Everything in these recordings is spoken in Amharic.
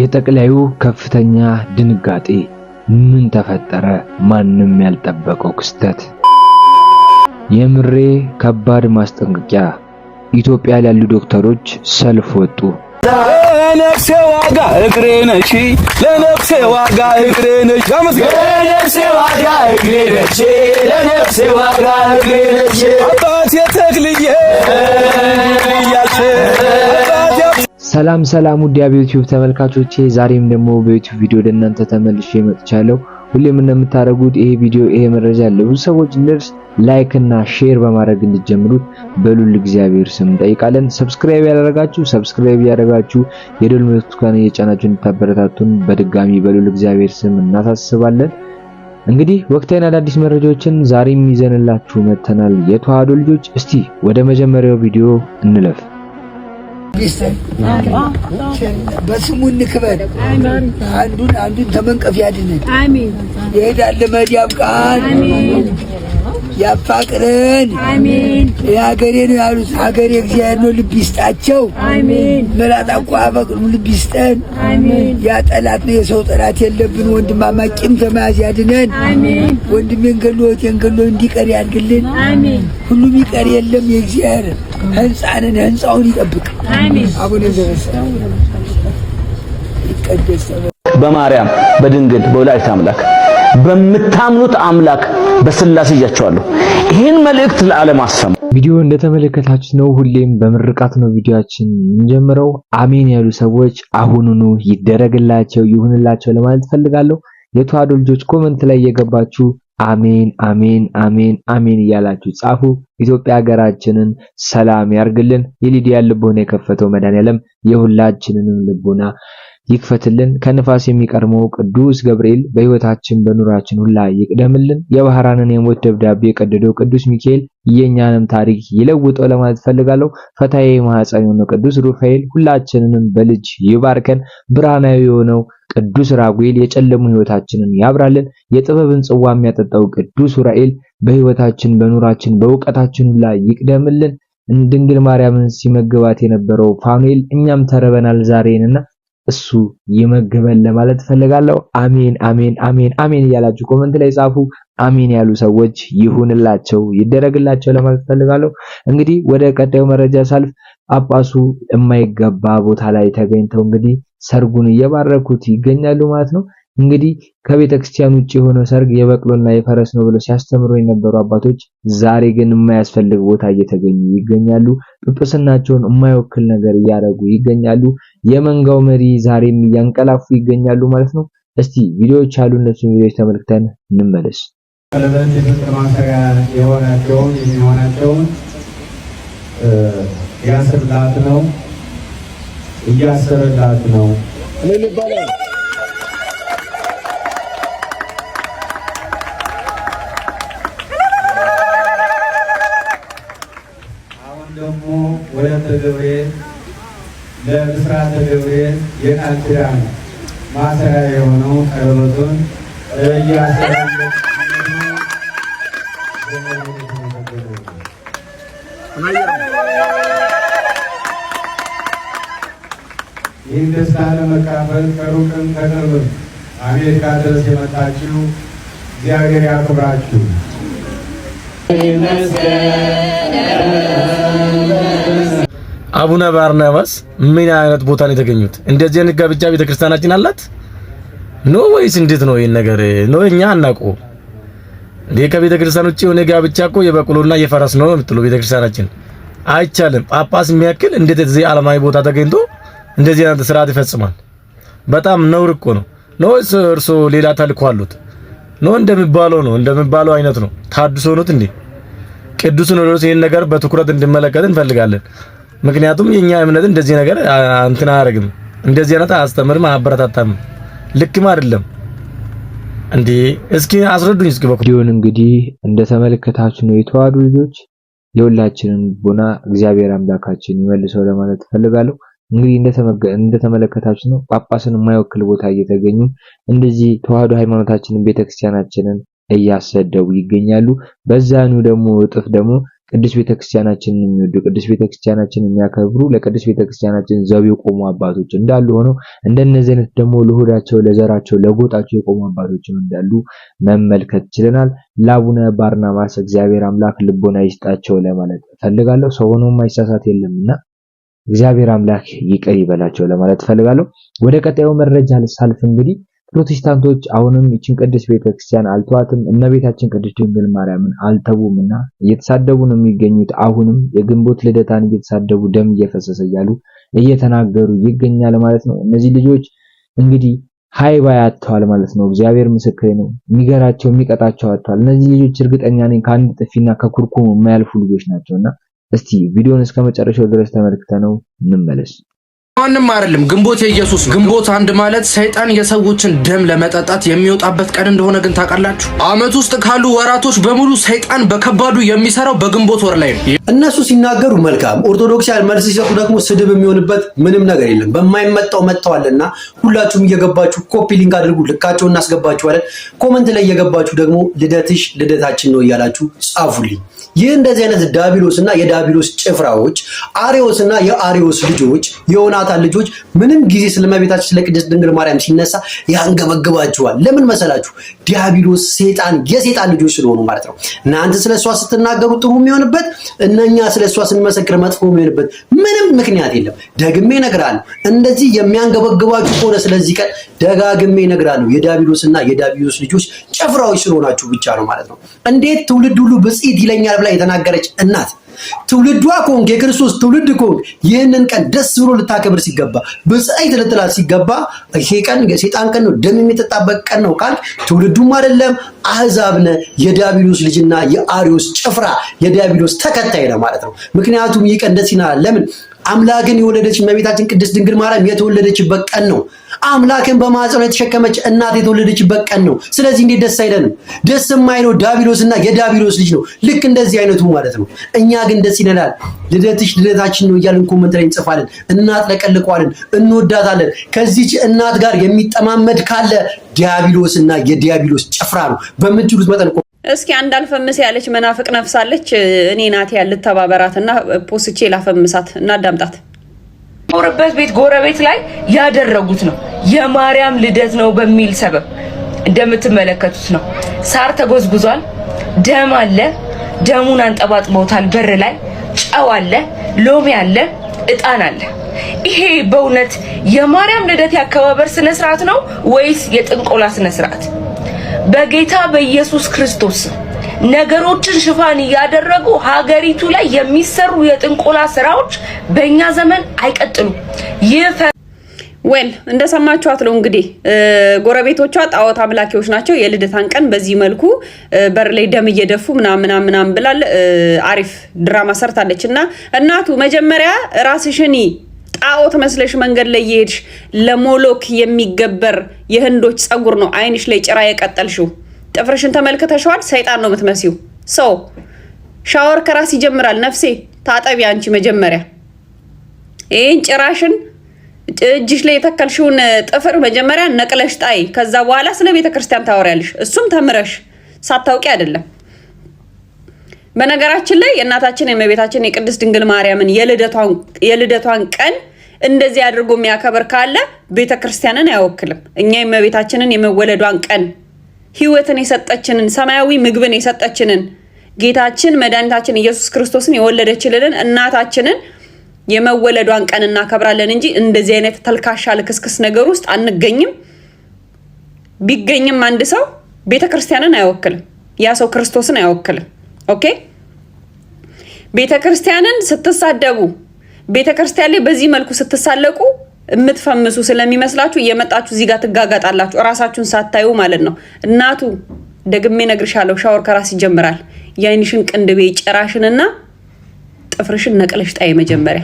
የጠቅላዩ ከፍተኛ ድንጋጤ ምን ተፈጠረ? ማንም ያልጠበቀው ክስተት። የምሬ ከባድ ማስጠንቀቂያ። ኢትዮጵያ ያሉ ዶክተሮች ሰልፍ ወጡ። ለነፍሴ ዋጋ እግሬ ነሽ፣ ለነፍሴ ዋጋ እግሬ ለነፍሴ ዋጋ እግሬ ለነፍሴ ዋጋ እግሬ እያልሽ ሰላም ሰላም ውድ የዩቲዩብ ተመልካቾቼ፣ ዛሬም ደግሞ በዩቲዩብ ቪዲዮ ወደ እናንተ ተመልሼ መጥቻለሁ። ሁሌም እንደምታደርጉት ይሄ ቪዲዮ ይሄ መረጃ ለብዙ ሰዎች እንዲደርስ ላይክ እና ሼር በማድረግ እንድጀምሩት በሉል እግዚአብሔር ስም እንጠይቃለን። ሰብስክራይብ ያደረጋችሁ ሰብስክራይብ ያደረጋችሁ የደወል ምልክቱን እየጫናችሁ እንድታበረታቱን በድጋሚ በሉል እግዚአብሔር ስም እናሳስባለን። እንግዲህ ወቅታዊና አዳዲስ መረጃዎችን ዛሬም ይዘንላችሁ መጥተናል። የተዋህዶ ልጆች፣ እስቲ ወደ መጀመሪያው ቪዲዮ እንለፍ። በስሙ እንክበል። አንዱን አንዱን ተመንቀፍ ያድንን ይሄዳል ለመዲያም ቃል ያፋቅረን የሀገሬ ነው ያሉት ሀገሬ እግዚአብሔር ነው ልብ ይስጣቸው። አሜን። መላጣ ቋ በቅሉ ልብ ይስጠን። አሜን። ያ ጠላት ነው የሰው ጠላት የለብን። ወንድማማ ቂም ተመያዝ ያድነን። ወንድሜን ገሎት የንገሎ እንዲቀር ያድርግልን። ሁሉም ይቀር የለም የእግዚአብሔር ህንፃንን ህንፃውን ይጠብቅ። አሜን። አቡነ ዘበሰ ይቀደሰ በማርያም በድንግል በወላዲተ አምላክ በምታምኑት አምላክ በስላሴ እያቸዋለሁ። ይህን መልእክት ለዓለም አሰማ። ቪዲዮ እንደተመለከታችሁ ነው። ሁሌም በምርቃት ነው ቪዲዮአችን የምንጀምረው። አሜን ያሉ ሰዎች አሁኑኑ ይደረግላቸው ይሁንላቸው ለማለት ፈልጋለሁ። የተዋሕዶ ልጆች ኮመንት ላይ እየገባችሁ አሜን አሜን አሜን አሜን እያላችሁ ጻፉ። ኢትዮጵያ ሀገራችንን ሰላም ያርግልን። የሊዲያ ልቦና የከፈተው መድኃኒዓለም የሁላችንንም ልቦና ይክፈትልን። ከንፋስ የሚቀድመው ቅዱስ ገብርኤል በሕይወታችን በኑራችን ሁላ ይቅደምልን። የባህራንን የሞት ደብዳቤ የቀደደው ቅዱስ ሚካኤል የኛንም ታሪክ ይለውጠው ለማለት ፈልጋለሁ። ፈታዬ ማኅፀን የሆነው ቅዱስ ሩፋኤል ሁላችንንም በልጅ ይባርከን። ብርሃናዊ የሆነው ቅዱስ ራጉኤል የጨለሙ ሕይወታችንን ያብራልን። የጥበብን ጽዋ የሚያጠጣው ቅዱስ ዑራኤል በሕይወታችን በኑራችን በእውቀታችን ሁላ ይቅደምልን። ድንግል ማርያምን ሲመግባት የነበረው ፋኑኤል እኛም ተረበናል ዛሬንና እሱ ይመግበን ለማለት እፈልጋለሁ። አሜን አሜን አሜን አሜን እያላችሁ ኮመንት ላይ ጻፉ። አሜን ያሉ ሰዎች ይሁንላቸው ይደረግላቸው ለማለት ፈልጋለሁ እንግዲህ ወደ ቀጣዩ መረጃ ሳልፍ ጳጳሱ የማይገባ ቦታ ላይ ተገኝተው እንግዲህ ሰርጉን እየባረኩት ይገኛሉ ማለት ነው። እንግዲህ ከቤተ ክርስቲያን ውጭ የሆነ ሰርግ የበቅሎና የፈረስ ነው ብለው ሲያስተምሩ የነበሩ አባቶች ዛሬ ግን የማያስፈልግ ቦታ እየተገኙ ይገኛሉ። ጵጵስናቸውን የማይወክል ነገር እያደረጉ ይገኛሉ። የመንጋው መሪ ዛሬም እያንቀላፉ ይገኛሉ ማለት ነው። እስቲ ቪዲዮዎች አሉ፣ እነሱን ቪዲዮዎች ተመልክተን እንመለስ። የሆናቸውን የሚሆናቸውን ነው እያስብላት ነው ገብርኤል የቃል ኪዳን ማሰሪያ የሆነው ቀለበቱን ይህን ደስታ ለመካፈል ከሩቅም ከቅርብም አሜሪካ ድረስ የመጣችው እግዚአብሔር ያክብራችሁ። አቡነ ባርናባስ ምን አይነት ቦታ ነው የተገኙት? እንደዚህ አይነት ጋብቻ ቤተክርስቲያናችን አላት ኖ ወይስ እንዴት ነው ይሄን ነገር? ኖ እኛ አናቁ እንዴ ከቤተ ክርስቲያን ውጪ የሆነ ጋብቻ እኮ የበቅሎና የፈረስ ነው የምትለው ቤተክርስቲያናችን። አይቻልም። ጳጳስ የሚያክል እንዴት እዚህ ዓለማዊ ቦታ ተገኝቶ እንደዚህ አይነት ስርዓት ይፈጽማል? በጣም ነውር እኮ ነው። ኖ እርሶ ሌላ ተልኮ አሉት? ኖ እንደሚባለው ነው እንደሚባለው አይነት ነው። ታድሶ ነው እንዴ? ቅዱስ ሲኖዶስ ይህን ነገር በትኩረት እንዲመለከት እንፈልጋለን። ምክንያቱም የኛ እምነት እንደዚህ ነገር እንትን አያደርግም፣ እንደዚህ አይነት አያስተምርም፣ አያበረታታም፣ ልክም አይደለም። እንዴ እስኪ አስረዱኝ። እስኪ በኩል ዲዮን እንግዲህ እንደተመለከታችሁ ነው። የተዋዱ ልጆች የሁላችንም ቦና እግዚአብሔር አምላካችን ይመልሰው ለማለት እፈልጋለሁ። እንግዲህ እንደተመለከታችሁ ነው ጳጳስን የማይወክል ቦታ እየተገኙ እንደዚህ ተዋህዶ ሃይማኖታችንን ቤተክርስቲያናችንን እያሰደቡ ይገኛሉ። በዛኑ ደግሞ እጥፍ ደግሞ ቅዱስ ቤተክርስቲያናችንን የሚወዱ ቅዱስ ቤተክርስቲያናችንን የሚያከብሩ ለቅዱስ ቤተክርስቲያናችን ዘብ የቆሙ አባቶች እንዳሉ ሆነው እንደነዚህ አይነት ደግሞ ለሆዳቸው፣ ለዘራቸው፣ ለጎጣቸው የቆሙ አባቶችም እንዳሉ መመልከት ችለናል። ለአቡነ ባርናባስ እግዚአብሔር አምላክ ልቦና ይስጣቸው ለማለት ፈልጋለሁ። ሰው ሆኖ ማይሳሳት የለምና እግዚአብሔር አምላክ ይቅር ይበላቸው ለማለት ፈልጋለሁ። ወደ ቀጣዩ መረጃ ልሳልፍ እንግዲህ ፕሮቴስታንቶች አሁንም ይችን ቅድስት ቤተክርስቲያን አልተዋትም፣ እመቤታችን ቅድስት ድንግል ማርያምን አልተዉምና እየተሳደቡ ነው የሚገኙት። አሁንም የግንቦት ልደታን እየተሳደቡ ደም እየፈሰሰ እያሉ እየተናገሩ ይገኛል ማለት ነው። እነዚህ ልጆች እንግዲህ ሀይባ ያጥተዋል ማለት ነው። እግዚአብሔር ምስክሬ ነው። የሚገራቸው የሚቀጣቸው አጥተዋል። እነዚህ ልጆች እርግጠኛ ነኝ ከአንድ ጥፊና ከኩርኩም የማያልፉ ልጆች ናቸውና እስቲ ቪዲዮን እስከ መጨረሻው ድረስ ተመልክተ ነው እንመለስ። ማንም አይደለም። ግንቦት የኢየሱስ ግንቦት አንድ ማለት ሰይጣን የሰዎችን ደም ለመጠጣት የሚወጣበት ቀን እንደሆነ ግን ታውቃላችሁ። አመት ውስጥ ካሉ ወራቶች በሙሉ ሰይጣን በከባዱ የሚሰራው በግንቦት ወር ላይ ነው። እነሱ ሲናገሩ መልካም ኦርቶዶክሳውያን መልስ ሲሰጡ ደግሞ ስድብ የሚሆንበት ምንም ነገር የለም። በማይመጣው መጥተዋልና ሁላችሁም እየገባችሁ ኮፒ ሊንክ አድርጉ፣ ልካቸው እናስገባችኋለን። ኮመንት ላይ እየገባችሁ ደግሞ ልደትሽ ልደታችን ነው እያላችሁ ጻፉልኝ። ይህ እንደዚህ አይነት ዳቢሎስ እና የዳቢሎስ ጭፍራዎች አሪዎስ እና የአሪዎስ ልጆች የዮናታን ልጆች ምንም ጊዜ ስለመቤታችን ስለ ቅድስት ድንግል ማርያም ሲነሳ ያንገበግባቸዋል። ለምን መሰላችሁ? ዲያቢሎስ ሴጣን የሴጣን ልጆች ስለሆኑ ማለት ነው። እናንተ ስለ እሷ ስትናገሩ ጥሩ የሚሆንበት፣ እነኛ ስለ እሷ ስንመሰክር መጥፎ የሚሆንበት ምንም ምክንያት የለም። ደግሜ እነግራለሁ። እንደዚህ የሚያንገበግባችሁ ከሆነ ስለዚህ ቀን ደጋግሜ እነግራለሁ። የዳቢሎስ እና የዳቢሎስ ልጆች ጭፍራዎች ስለሆናችሁ ብቻ ነው ማለት ነው። እንዴት ትውልድ ሁሉ ብጽዕት ይለኛል ላይ የተናገረች እናት ትውልዷ ከሆንክ የክርስቶስ ትውልድ ከሆንክ ይህንን ቀን ደስ ብሎ ልታከብር ሲገባ ብፅዕት ልትላት ሲገባ ይሄ ቀን ሴጣን ቀን ነው፣ ደም የሚጠጣበት ቀን ነው ካልክ ትውልዱም አይደለም አህዛብ ነህ፣ የዲያብሎስ ልጅና የአሪዎስ ጭፍራ የዲያብሎስ ተከታይ ነው ማለት ነው። ምክንያቱም ይህ ቀን ደስ ይላል። ለምን? አምላክን የወለደች እመቤታችን ቅድስት ድንግል ማርያም የተወለደችበት ቀን ነው። አምላክን በማህፀኗ የተሸከመች እናት የተወለደችበት ቀን ነው። ስለዚህ እንዴት ደስ አይለንም? ደስ የማይለው እና የዳቢሎስ ልጅ ነው። ልክ እንደዚህ አይነቱ ማለት ነው። እኛ ግን ደስ ይለናል። ልደትሽ ልደታችን ነው እያልን ኮመንት ላይ እንጽፋለን፣ እናጥለቀልቀዋለን፣ እንወዳታለን። ከዚች እናት ጋር የሚጠማመድ ካለ ዲያቢሎስ እና የዲያቢሎስ ጭፍራ ነው በምትሉት መጠን እስኪ አንድ አልፈምስ ያለች መናፍቅ ነፍሳለች። እኔ ናት ያልተባበራት እና ፖስቼ ላፈምሳት እና አዳምጣት የምኖርበት ቤት ጎረቤት ላይ ያደረጉት ነው። የማርያም ልደት ነው በሚል ሰበብ እንደምትመለከቱት ነው። ሳር ተጎዝጉዟል። ደም አለ። ደሙን አንጠባጥበውታል። በር ላይ ጨው አለ፣ ሎሚ አለ፣ እጣን አለ። ይሄ በእውነት የማርያም ልደት የአከባበር ስነ ስርዓት ነው ወይስ የጥንቆላ ስነ ስርዓት? በጌታ በኢየሱስ ክርስቶስ ነገሮችን ሽፋን እያደረጉ ሀገሪቱ ላይ የሚሰሩ የጥንቆላ ስራዎች በእኛ ዘመን አይቀጥሉም። ይህ ወል እንደሰማችኋት ነው እንግዲህ ጎረቤቶቿ ጣዖት አምላኪዎች ናቸው፣ የልደታን ቀን በዚህ መልኩ በር ላይ ደም እየደፉ ምናምና ምናም ብላል። አሪፍ ድራማ ሰርታለች። እና እናቱ መጀመሪያ ራስሽኒ ጣዖት መስለሽ መንገድ ላይ እየሄድሽ ለሞሎክ የሚገበር የህንዶች ጸጉር ነው አይንሽ ላይ ጭራ የቀጠልሽው ጥፍርሽን ተመልክተሸዋል። ሰይጣን ነው የምትመሲው ሰው። ሻወር ከራስ ይጀምራል። ነፍሴ ታጠቢ አንቺ መጀመሪያ ይህን ጭራሽን እጅሽ ላይ የተከልሽውን ጥፍር መጀመሪያ ነቅለሽ ጣይ። ከዛ በኋላ ስለ ቤተ ክርስቲያን ታወሪያለሽ። እሱም ተምረሽ ሳታውቂ አይደለም። በነገራችን ላይ የእናታችን የእመቤታችን የቅድስት ድንግል ማርያምን የልደቷን ቀን እንደዚህ አድርጎ የሚያከብር ካለ ቤተ ክርስቲያንን አይወክልም። እኛ የእመቤታችንን የመወለዷን ቀን ህይወትን የሰጠችንን ሰማያዊ ምግብን የሰጠችንን ጌታችን መድኃኒታችን ኢየሱስ ክርስቶስን የወለደችልንን እናታችንን የመወለዷን ቀን እናከብራለን እንጂ እንደዚህ አይነት ተልካሻ ልክስክስ ነገር ውስጥ አንገኝም። ቢገኝም አንድ ሰው ቤተ ክርስቲያንን አይወክልም። ያ ሰው ክርስቶስን አይወክልም። ኦኬ ቤተ ክርስቲያንን ስትሳደቡ፣ ቤተ ክርስቲያን ላይ በዚህ መልኩ ስትሳለቁ የምትፈምሱ ስለሚመስላችሁ እየመጣችሁ እዚህ ጋር ትጋጋጣላችሁ፣ እራሳችሁን ሳታዩ ማለት ነው። እናቱ ደግሜ ነግርሻለሁ፣ ሻወር ከራስ ይጀምራል። የአይንሽን ቅንድቤ ጭራሽንና ጥፍርሽን ነቅለሽ ጣይ መጀመሪያ።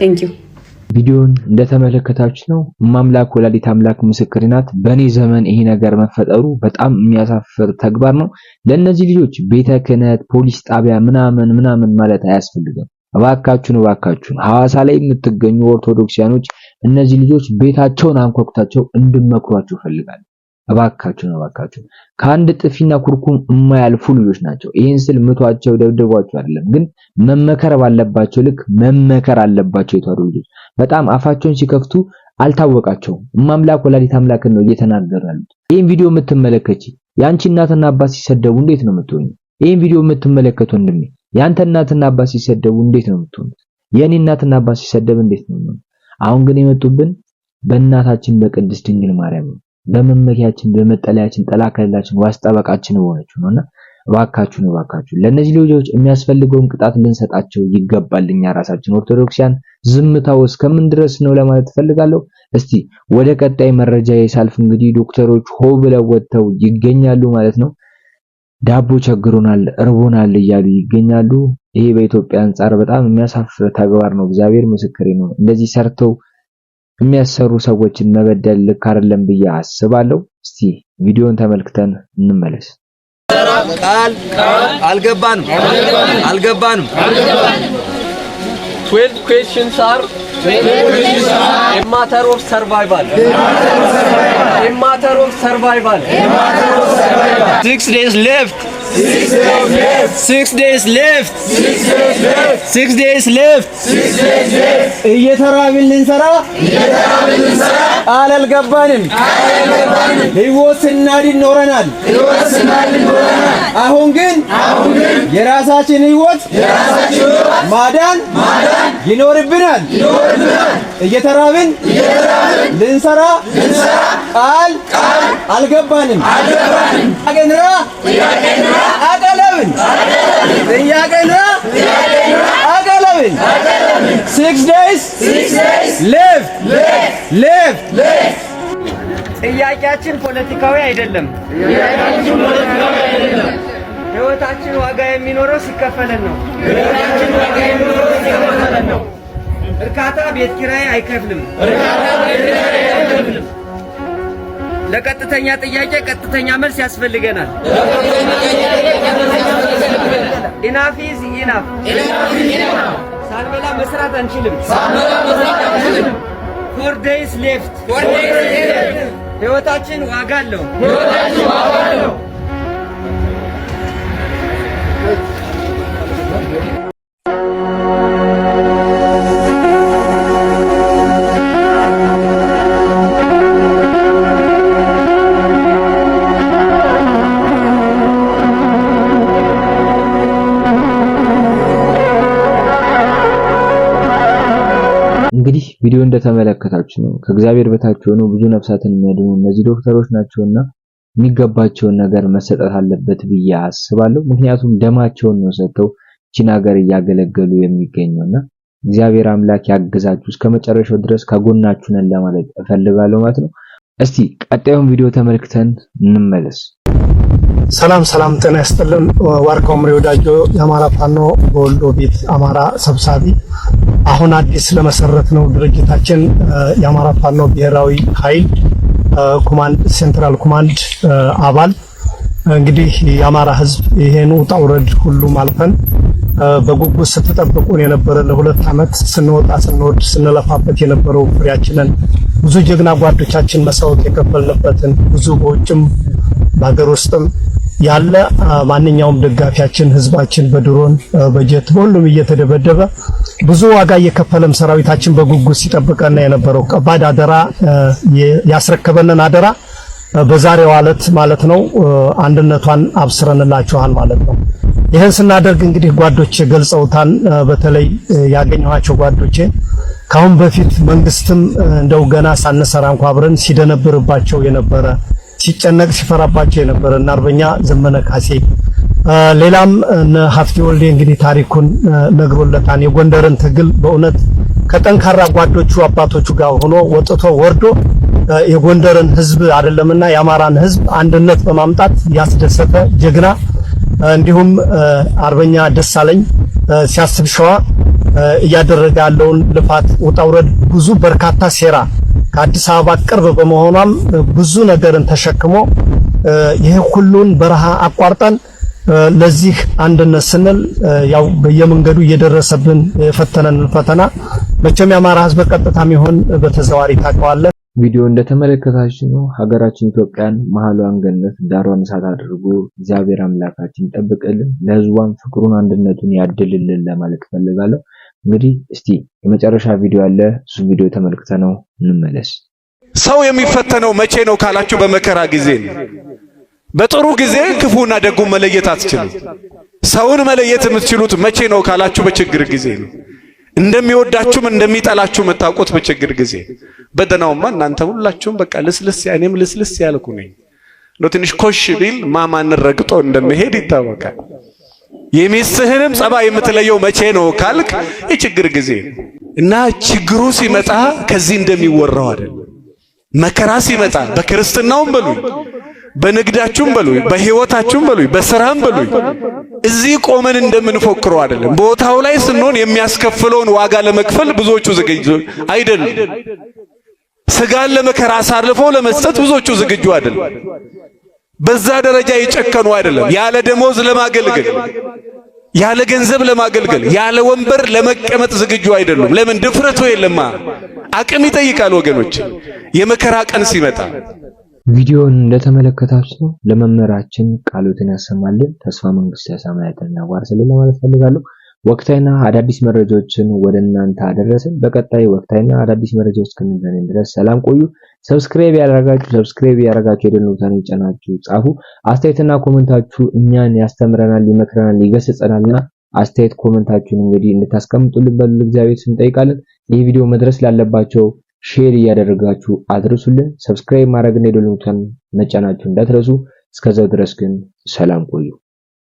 ቴንኪዩ። ቪዲዮን እንደተመለከታችሁ ነው። ማምላክ ወላዲት አምላክ ምስክር ናት። በእኔ ዘመን ይሄ ነገር መፈጠሩ በጣም የሚያሳፍር ተግባር ነው። ለእነዚህ ልጆች ቤተ ክህነት፣ ፖሊስ ጣቢያ ምናምን ምናምን ማለት አያስፈልግም። እባካችሁን እባካችሁን ሐዋሳ ላይ የምትገኙ ኦርቶዶክሲያኖች እነዚህ ልጆች ቤታቸውን አንኳኩታቸው እንድመክሯቸው ፈልጋለሁ። እባካችሁን እባካችሁን ከአንድ ጥፊና ኩርኩም የማያልፉ ልጆች ናቸው። ይህን ስል ምቷቸው፣ ደብድቧቸው አይደለም፣ ግን መመከር ባለባቸው ልክ መመከር አለባቸው። የተዋዱ ልጆች በጣም አፋቸውን ሲከፍቱ አልታወቃቸውም። እማምላክ ወላዲት አምላክን ነው እየተናገሩ ያሉት። ይህን ቪዲዮ የምትመለከቺ የአንቺ እናትና አባት ሲሰደቡ እንዴት ነው የምትሆኚ? ይህን ቪዲዮ የምትመለከቱ ወንድሜ ያንተ እናትና አባት ሲሰደቡ እንዴት ነው የምትሆኑት? የኔ እናትና አባት ሲሰደብ እንዴት ነው የምትሆኑት? አሁን ግን የመጡብን በእናታችን በቅድስት ድንግል ማርያም ነው። በመመኪያችን በመጠለያችን ጠላ ከሌላችን ዋስ ጠበቃችን በሆነችው ነውና እባካችሁን እባካችሁ ልጆች የሚያስፈልገውን ቅጣት ልንሰጣቸው ይገባል። እኛ ራሳችን ኦርቶዶክሲያን ዝምታው እስከምን ድረስ ነው ለማለት ፈልጋለሁ። እስቲ ወደ ቀጣይ መረጃ የሳልፍ እንግዲህ ዶክተሮች ሆ ብለው ወጥተው ይገኛሉ ማለት ነው። ዳቦ ቸግሮናል፣ እርቦናል እያሉ ይገኛሉ። ይሄ በኢትዮጵያ አንጻር በጣም የሚያሳፍር ተግባር ነው። እግዚአብሔር ምስክሬ ነው። እንደዚህ ሰርተው የሚያሰሩ ሰዎችን መበደል ልክ አይደለም ብዬ አስባለሁ። እስቲ ቪዲዮን ተመልክተን እንመለስ። ቃል አልገባንም አልገባንም ማተር ኦፍ ሰርቫይቫል ማተር ኦፍ ሰርቫይቫል ሲክስ ዴይዝ ሌፍት ሲክስ ዴይዝ ሌፍት ሲክስ እየተራብን ልንሰራ ቃል ህይወት ስናድን ኖረናል። አሁን ግን የራሳችን ህይወት ማዳን ይኖርብናል እየተራብን ልንሰራ ቃል አልገባንም። ጥያቄንራ አቀለብን ጥያቄንራ አገለብን ሲክስ ዴይስ ሌፍት ጥያቄያችን ፖለቲካዊ አይደለም። ህይወታችን ዋጋ የሚኖረው ሲከፈለን ነው። ህይወታችን ዋጋ የሚኖረው ሲከፈለን ነው። እርካታ ቤት ኪራይ አይከፍልም። እርካታ ቤት ኪራይ አይከፍልም። ለቀጥተኛ ጥያቄ ቀጥተኛ መልስ ያስፈልገናል። ኢናፍ ኢዝ ኢናፍ። ሳንበላ መስራት አንችልም። መስራት አንችልም። ፎር ዴይስ ሌፍት። ፎር ዴይስ ሌፍት። ህይወታችን ዋጋ አለው። ህይወታችን ዋጋ አለው። እንግዲህ ቪዲዮ እንደተመለከታችሁ ነው ከእግዚአብሔር በታች ሆኖ ብዙ ነፍሳትን የሚያድኑ እነዚህ ዶክተሮች ናቸውና የሚገባቸውን ነገር መሰጠት አለበት ብዬ አስባለሁ። ምክንያቱም ደማቸውን ነው ሰጥተው ይህችን ሀገር እያገለገሉ የሚገኘውና እግዚአብሔር አምላክ ያግዛችሁ እስከ መጨረሻው ድረስ ከጎናችሁ ነን ለማለት እፈልጋለሁ ማለት ነው። እስቲ ቀጣዩን ቪዲዮ ተመልክተን እንመለስ። ሰላም ሰላም፣ ጤና ይስጥልን። ዋርካው ምሬ ወዳጆ የአማራ ፋኖ በወሎ ቤት አማራ ሰብሳቢ፣ አሁን አዲስ ለመሰረት ነው ድርጅታችን የአማራ ፋኖ ብሔራዊ ኃይል ኮማንድ ሴንትራል ኮማንድ አባል እንግዲህ የአማራ ህዝብ ይሄን ውጣ ውረድ ሁሉም አልፈን በጉጉት ስትጠብቁን የነበረ ለሁለት ዓመት ስንወጣ ስንወድ ስንለፋበት የነበረው ፍሬያችንን ብዙ ጀግና ጓዶቻችን መሰወት የከፈልንበትን ብዙ በውጭም በሀገር ውስጥም ያለ ማንኛውም ደጋፊያችን ህዝባችን በድሮን በጀት በሁሉም እየተደበደበ ብዙ ዋጋ እየከፈለም ሰራዊታችን በጉጉት ሲጠብቀና የነበረው ከባድ አደራ ያስረከበንን አደራ በዛሬው ዕለት ማለት ነው አንድነቷን አብስረንላችኋል ማለት ነው። ይህን ስናደርግ እንግዲህ ጓዶቼ ገልጸውታን በተለይ ያገኘኋቸው ጓዶቼ ካሁን በፊት መንግስትም እንደው ገና ሳንሰራ እንኳ አብረን ሲደነብርባቸው የነበረ ሲጨነቅ ሲፈራባቸው የነበረ እና አርበኛ ዘመነ ካሴ ሌላም ሀፍቴ ወልዴ እንግዲህ ታሪኩን ነግሮለታን የጎንደርን ትግል በእውነት ከጠንካራ ጓዶቹ አባቶቹ ጋር ሆኖ ወጥቶ ወርዶ የጎንደርን ህዝብ አይደለምና የአማራን ህዝብ አንድነት በማምጣት ያስደሰተ ጀግና፣ እንዲሁም አርበኛ ደሳለኝ ሲያስብ ሸዋ እያደረገ ያለውን ልፋት ውጣውረድ ብዙ በርካታ ሴራ ከአዲስ አበባ ቅርብ በመሆኗም ብዙ ነገርን ተሸክሞ ይህ ሁሉን በረሃ አቋርጠን ለዚህ አንድነት ስንል ያው በየመንገዱ እየደረሰብን የፈተነንን ፈተና መቼም የአማራ ሕዝብ በቀጥታም ይሁን በተዘዋዋሪ ታውቀዋለን። ቪዲዮ እንደተመለከታችሁ ነው ሀገራችን ኢትዮጵያን መሀሏን ገነት ዳሯን እሳት አድርጎ እግዚአብሔር አምላካችን ይጠብቅልን፣ ለሕዝቧን ፍቅሩን አንድነቱን ያድልልን ለማለት እፈልጋለሁ። እንግዲህ እስቲ የመጨረሻ ቪዲዮ አለ። እሱ ቪዲዮ ተመልክተ ነው እንመለስ። ሰው የሚፈተነው መቼ ነው ካላችሁ በመከራ ጊዜ ነው። በጥሩ ጊዜ ክፉና ደጉን መለየት አትችሉ። ሰውን መለየት የምትችሉት መቼ ነው ካላችሁ በችግር ጊዜ ነው። እንደሚወዳችሁም እንደሚጠላችሁ የምታውቁት በችግር ጊዜ። በደናውማ እናንተ ሁላችሁም በቃ ልስልስ፣ እኔም ልስልስ ያልኩ ነኝ። ትንሽ ኮሽ ቢል ማማን ረግጦ እንደመሄድ ይታወቃል። የሚስትህንም ጸባይ የምትለየው መቼ ነው ካልክ የችግር ጊዜ እና ችግሩ ሲመጣ ከዚህ እንደሚወራው አይደለም። መከራ ሲመጣ በክርስትናውም በሉ በንግዳችሁም በሉ በህይወታችሁም በሉ በስራም በሉ እዚህ ቆመን እንደምንፎክረው አይደለም። ቦታው ላይ ስንሆን የሚያስከፍለውን ዋጋ ለመክፈል ብዙዎቹ ዝግጁ አይደሉም። ስጋን ለመከራ አሳልፈው ለመስጠት ብዙዎቹ ዝግጁ አይደለም። በዛ ደረጃ የጨከኑ አይደለም። ያለ ደሞዝ ለማገልገል፣ ያለ ገንዘብ ለማገልገል፣ ያለ ወንበር ለመቀመጥ ዝግጁ አይደሉም። ለምን? ድፍረቱ የለማ። አቅም ይጠይቃል ወገኖች፣ የመከራ ቀን ሲመጣ። ቪዲዮን እንደተመለከታችሁ ለመምህራችን ቃሎትን ያሰማልን። ተስፋ መንግስት ያሳማ ዋርስልን ለማለት ፈልጋለሁ። ወቅታዊና አዳዲስ መረጃዎችን ወደ እናንተ አደረስን። በቀጣይ ወቅታዊና አዳዲስ መረጃዎች እስክንገናኝ ድረስ ሰላም ቆዩ። ሰብስክራይብ ያደረጋችሁ ሰብስክራይብ ያደረጋችሁ የደል ኖታን ጫናችሁ ጻፉ። አስተያየትና ኮመንታችሁ እኛን ያስተምረናል፣ ይመክረናል፣ ይገስጸናልና አስተያየት ኮመንታችሁን እንግዲህ እንድታስቀምጡልን በሉ እግዚአብሔር ስንጠይቃለን። ይህ ቪዲዮ መድረስ ላለባቸው ሼር እያደረጋችሁ አድርሱልን። ሰብስክራይብ ማድረግና የደል ኖታን መጫናችሁ እንዳትረሱ። እስከዛው ድረስ ግን ሰላም ቆዩ።